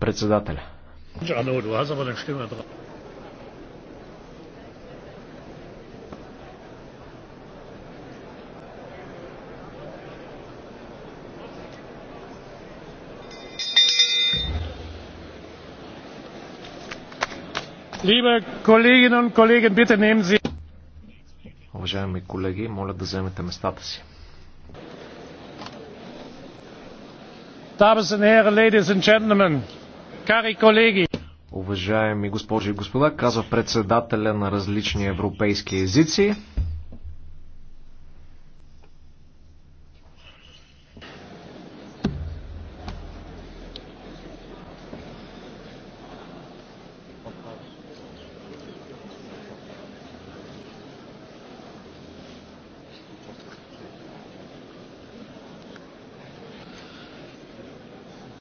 Председателя. Liebe Kolleginnen und Kollegen, bitte nehmen Sie. Уважаеми колеги, моля да вземете местата си. Уважаеми госпожи и господа, казва председателя на различни европейски езици.